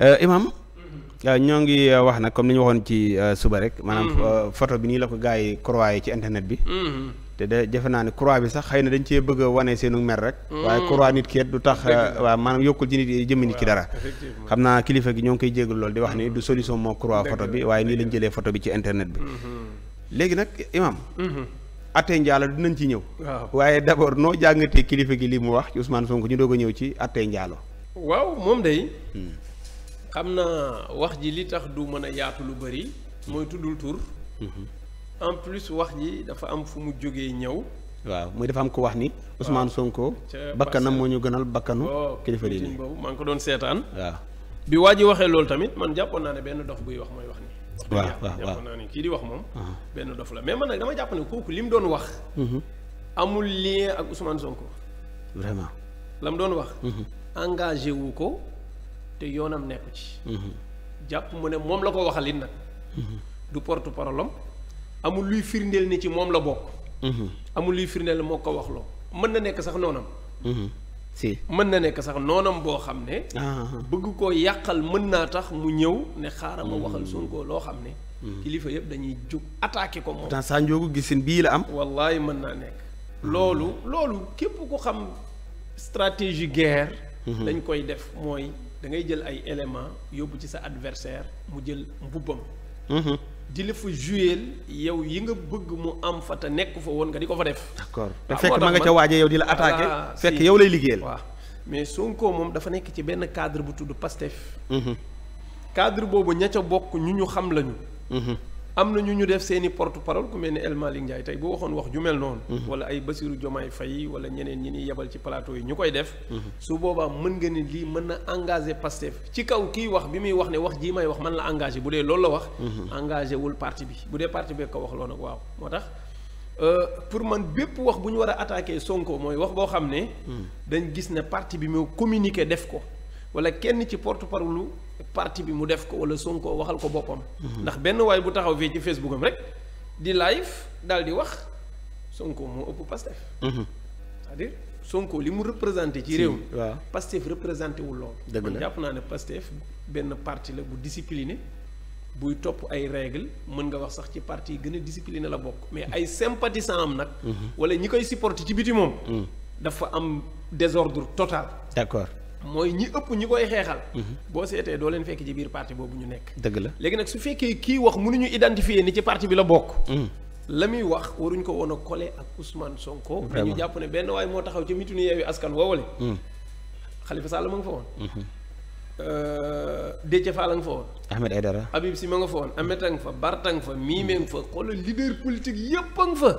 euh, imam mhm. euh, ñoo ngi euh, wax na comme li ñu waxoon ci suba rek maanaam mhm. photo bi nii la ko gars yi ci internet bi mhm. te da defe naa ne croix bi sax xëy na dañ cee bëgg wane seenu mer rek. Mm. waaye croix nit ki du tax. waaw maanaam yokkul ci nit jëmmi nit ki dara. xam naa kilifa gi ñoo ngi koy jégalu lool di wax ni du solution moo croix foto bi waaye nii lañ jëlee foto bi ci internet bi. Mm-hmm. léegi nag imam mm-hmm. atte njaalo dinañ ci ñëw. waaye d' abord noo jàngatee kilifa gi lii mu wax ci Ousmane Sonko ñu doog a ñëw ci atte njaalo. waaw moom day mm. xam naa wax ji li tax du mën a yaatu lu bëri mooy tuddul tur. Mm-hmm. en plus wax ji dafa am fu mu jógee ñëw. waaw muy dafa am ko wax ni. Ousmane Sonko. bakkanam moo ñu gënal bakkanu. Oh, kilifa diine boobu maa ngi ko doon seetaan. bi waa ji waxee loolu tamit man jàppoon ne benn dof buy wax mooy wax ni waaw waaw ne kii di wax moom. benn dof la mais man nag dama jàpp ne kooku li mu doon wax. Mhm. amul lien ak Ousmane Sonko. vraiment. la mu doon wax. Mhm. engagé wu ko te yoonam nekku ci. Mhm. jàpp mu ne moom la ko waxal it nag. du porte parole amul luy firndeel ni ci moom la bokk. Mhm. amul luy firndeel moo ko wax loo mën na nekk sax noonam. Mhm. mën na nekk sax noonam boo xam ne. Ah, ah, ah. bëgg koo yàqal mën naa tax mu ñëw ne xaaral ma mhm. waxal Sonko loo xam ne. kilifa yëpp dañuy jóg attaqué ko moom. pourtant saa njóogu bii la am. wallaay mën naa nekk. loolu loolu képp ku xam stratégie guerre. dañ koy def mooy da ngay jël ay éléments yóbbu ci sa adversaire mu jël mbubbam. di la fa juyeel yow yi nga bëgg mu am fa te nekk fa woon nga di ko fa def. d'accord ah, te fekk ma nga ca waajee yow di la attaqué. Ah, fekk yow lay liggéeyal. waaw mais Sonko moom dafa nekk ci benn cadre bu tudd Pastef. Mhm. cadre boobu ña ca bokk ñu ñu xam lañu. Mhm. am na ñu ñu def seen i porte parole ku mel ni El Malick tey bu waxoon wax ju mel noonu. Mhm. wala ay Bassirou Diomaye fay wala ñeneen ñi ñuy yebal ci plateau yi ñu koy def. Mhm. su boobaam mën nga ni lii mën na engagé Pastef ci kaw kii wax bi muy wax ne wax jii may wax man la engagé bu dee loolu la wax. Mhm. engagé wul parti bi bu dee parti bee ko wax loolu nag waaw moo tax. Uh, pour man bépp wax bu ñu war a attaqué Sonko mooy wax boo xam ne. dañ gis ne parti bi moo communiqué def ko wala kenn ci porte-parole parti bi mu def ko wala Sonko waxal ko boppam. Mhm. ndax benn waay bu taxaw fii ci Facebook am rek di live daal di wax Sonko moo ëpp Pastef. Mhm. cest à li mu représenter ci réew mi. waaw Pastef représenté wul lool. la man jàpp naa ne Pastef benn parti la bu discipliné. buy topp ay règle mën nga wax sax ci parti yi gën a discipliné la bokk mais ay sympathisant am nag. Mhm. wala ñi koy supporté ci biti moom. Mm. dafa am désordre total. d'accord. mooy ñi ëpp ñi koy xeexal. Mhm. boo seetee doo leen fekk ci biir parti boobu ñu nekk. dëgg la léegi nag su fekkee kii wax mënuñu identifier ni ci parti bi la bokk. Mhm. la muy wax waruñ ko woon a coller ak Ousmane Sonko. dañu jàpp ne benn waay moo taxaw ci mitinu yeewi askan woowale. xalifa mhm. Sall ma nga fa woon. Euh, Déthié Fall nga fa woon. Ahmed Aidara. Habib Sy ma nga fa woon Ameth nga fa Barth nga fa Mimé nga fa xoolal leader politique yëpp nga fa.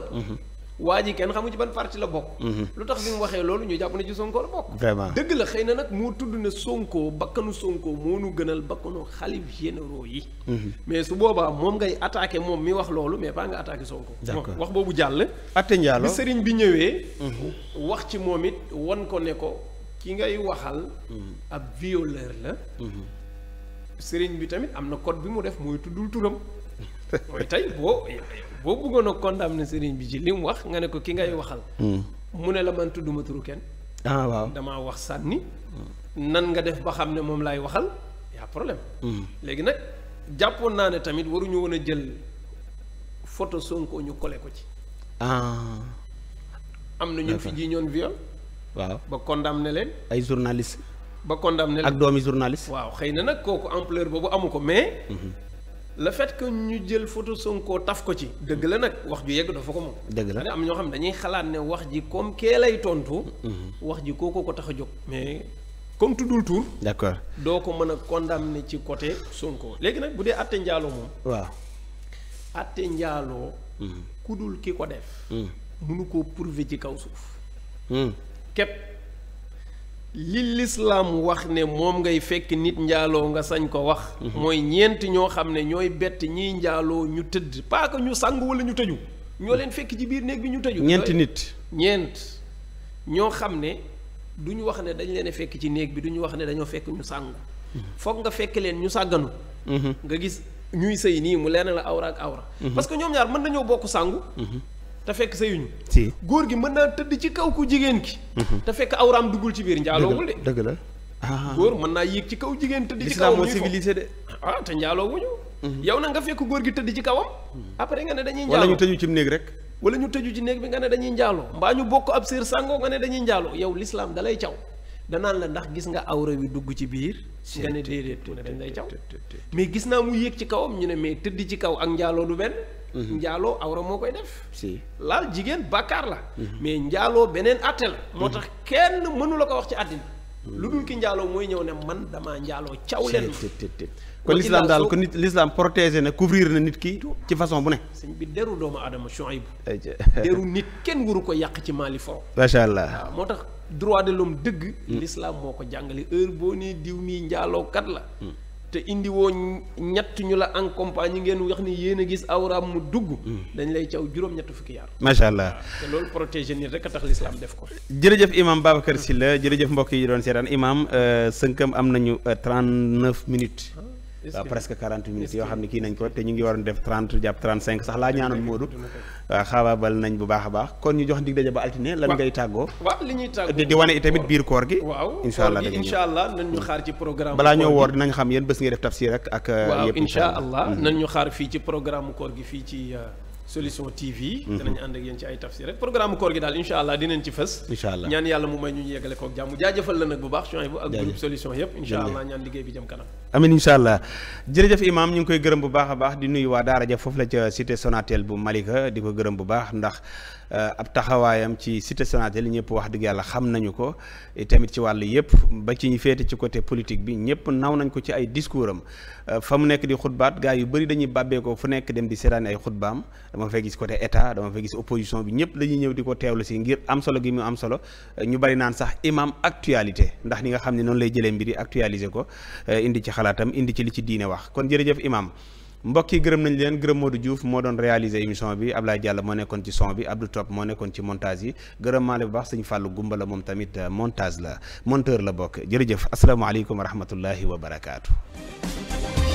waa ji kenn xamu ci ban parti la bokk. Mhm. lu tax bi mu waxee loolu ñu jàpp ne ci Sonko la bokk. vraiment dëgg la xëy na nag moo tudd ne Sonko bakkanu Sonko moo nu gënal bakkanu xalif généraux yi. Mhm. mais su boobaa moom ngay attaqué moom mi wax loolu mais pas nga attaqué Sonko. wax boobu jàll. atte njaalo bi sëriñ bi ñëwee. Mhm. wax ci moom it wan ko ne ko ki ngay waxal. ab violeur la. sëriñ bi tamit am na code bi mu def mooy tuddul turam mooy tey boo. boo bëggoon a condamné sëriñ bi ci li mu wax nga ne ko ki ngay waxal. Hmm. mu ne la man tudduma turu kenn. Ah, waaw damaa wax sànni. nan nga def ba xam ne moom laay waxal y a hmm. léegi nag jàppoon naa ne tamit waruñu woon a jël photo Sonko ñu collé ko ci. Ah. am na ñun fi jii ñoon viol. waaw ba condamné leen. ay journaliste. ba condamné leen ak doomi journaliste. waaw xëy na nag kooku ampleur boobu amu ko mais. Hmm. le fait que ñu jël photo Sonko taf ko ci dëgg la nag wax ju yegg dafa ko moom. dëgg la am ñoo xam ne dañuy xalaat ne wax ji comme kee lay tontu. Mm-hmm. wax ji kooku ko tax a jóg. mais comme tuddul tur. d'accord doo ko mën a ne ci côté Sonko. léegi nag bu dee àtte njaaloo moom. waaw àtte njaaloo. Mm-hmm. kudul ki ko def. mënu mm. koo prouver ci kaw suuf. Mm. képp. li lislaam wax ne moom ngay fekk nit njaaloo nga sañ ko wax mhm. mooy ñeent ñoo xam ne ñooy bett ñiy njaaloo ñu tëdd pas ñu sangu wala ñu tëju ñoo leen fekk ci biir néeg bi ñu tëju ñeenti nit ñeent ñoo xam ne du ñu wax ne dañ leen fekk ci néeg bi du ñu wax ne dañoo fekk ñu sangu mhm. foog nga fekk leen ñu sàgganu mhm. nga gis ñuy sëy nii mu leen la awra ak awra parce que ñoom ñaar mën nañoo bokk sangu te fekk sëyuñu si góor gi mën naa tëdd ci kaw ku jigéen ki mhm. te fekk awraam duggul ci biir njaaloowul de dëgg la ah. Ah. góor mën naa yéeg ci kaw jigéen tëdd ci kaw moo civilisé de ah te njaaloowuñu mhm. yow na fekk góor gi tëdd ci kawam mhm. après nga ne dañuy njaaloo wala ñu tëju ci néeg rek wala ñu tëju ci néeg bi nga ne dañuy njaaloo mbaa ñu bokk ab séer sàngoo nga ne dañuy njaaloo yow l'islam dalay caw danaan la ndax gis nga awra wi dugg ci biir nga ne déedéet dañ lay caw mais gis naa mu yéeg ci kawam ñu ne mais tëdd ci kaw ak njaaloo du benn Mm-hmm. njaaloo awra moo koy def si laal jigéen bàkkaar la mm-hmm. mais njaaloo beneen àtte la moo mm-hmm. tax kenn mënu la ko wax ci àddina lu dul ki njaaloo mooy ñëw ne man damaa njaaloo caw leen kon l'islam daal ko nit l'islam protégé na couvrir na nit ki ci façon bu ne sëñ bi deru doomu aadama Shuayb deru nit kenn waru ko yàq ci maali foro macha allah moo tax droit de l'homme dëgg mm. l'islam moo ko jàngale heure boo nee diw mii njaaloo kat la mm. te indi woo ñett ñu la accompagne ngeen wax ni yéen a gis awraam mu dugg. Hmm. dañ lay caw juróom-ñett fukki yaar. macha allah te loolu protéger nit rek a tax lislaam def ko. jërëjëf imam Babacar Sylla jërëjëf mbokk yi doon seetaan imam euh, sënkam am nañu 39 euh, minutes. Ah. Euh, presque quarante minutes yoo xam ne kii nañ ko te ñu ngi waroon def trente jàpp trente cinq sax laa ñaanoon Modou waaw euh, xaabaabal nañ bu baax a baax kon ñu jox dig daje ba altine lan ngay tàggoo di wane itamit biir koor gi waaw incha allah incha allah nan ñu mm. xaar ci programme balaa ñoo woor dinañ xam yéen bés ngay def euh, mm. xaar fii ci programme koor gi fii ci solution TV. Mhm. danañ ànd ak yéen ci ay tafsir rek programme koor gi daal incha allah dinañ ci fës. incha allah ñaan yàlla mu may ñu yeggale koog jàmm jaajëfal la nag bu baax. jaajëf bu ak groupe solution yëpp. incha allah ñaan liggéey bi jëm kanam. amin incha allah jërëjëf imaam ñu ngi koy gërëm bu baax a baax di nuyu waa daara ja foofu la ca cité Sonatel bu Malika di ko gërëm bu baax ndax ab taxawaayam ci cité Sonatel li ñëpp wax dëgg yàlla xam nañu ko tamit ci wàll yëpp ba ci ñu féete ci côté politique bi ñëpp naw nañ ko ci ay discours am euh, fa mu nekk di xutbaat gaa yu bëri dañuy bàbbeekoo fu nekk dem di seetaani ay xutbaam dama fay gis côté état dama fay gis opposition bi ñëpp dañuy ñëw di ko teewlu si ngir am solo gi mu am solo euh, ñu bari naan sax imam actualité ndax ni nga xam ne noonu lay jëlee mbir yi actualiser ko euh, indi ci xalaatam indi ci li ci diine wax kon jërëjëf imam mbokk yi gërëm nañ leen gërëm moo Modou Diouf moo doon réaliser émission bi Ablaye Diallo moo nekkoon ci son bi Abdou Top moo nekkoon ci montage yi gërëm maale bu baax sëñ Fallou Gumba la moom tamit euh, montage la monteur la bokk jërëjëf asalaamaaleykum wa rahmatullahi wa barakaatu.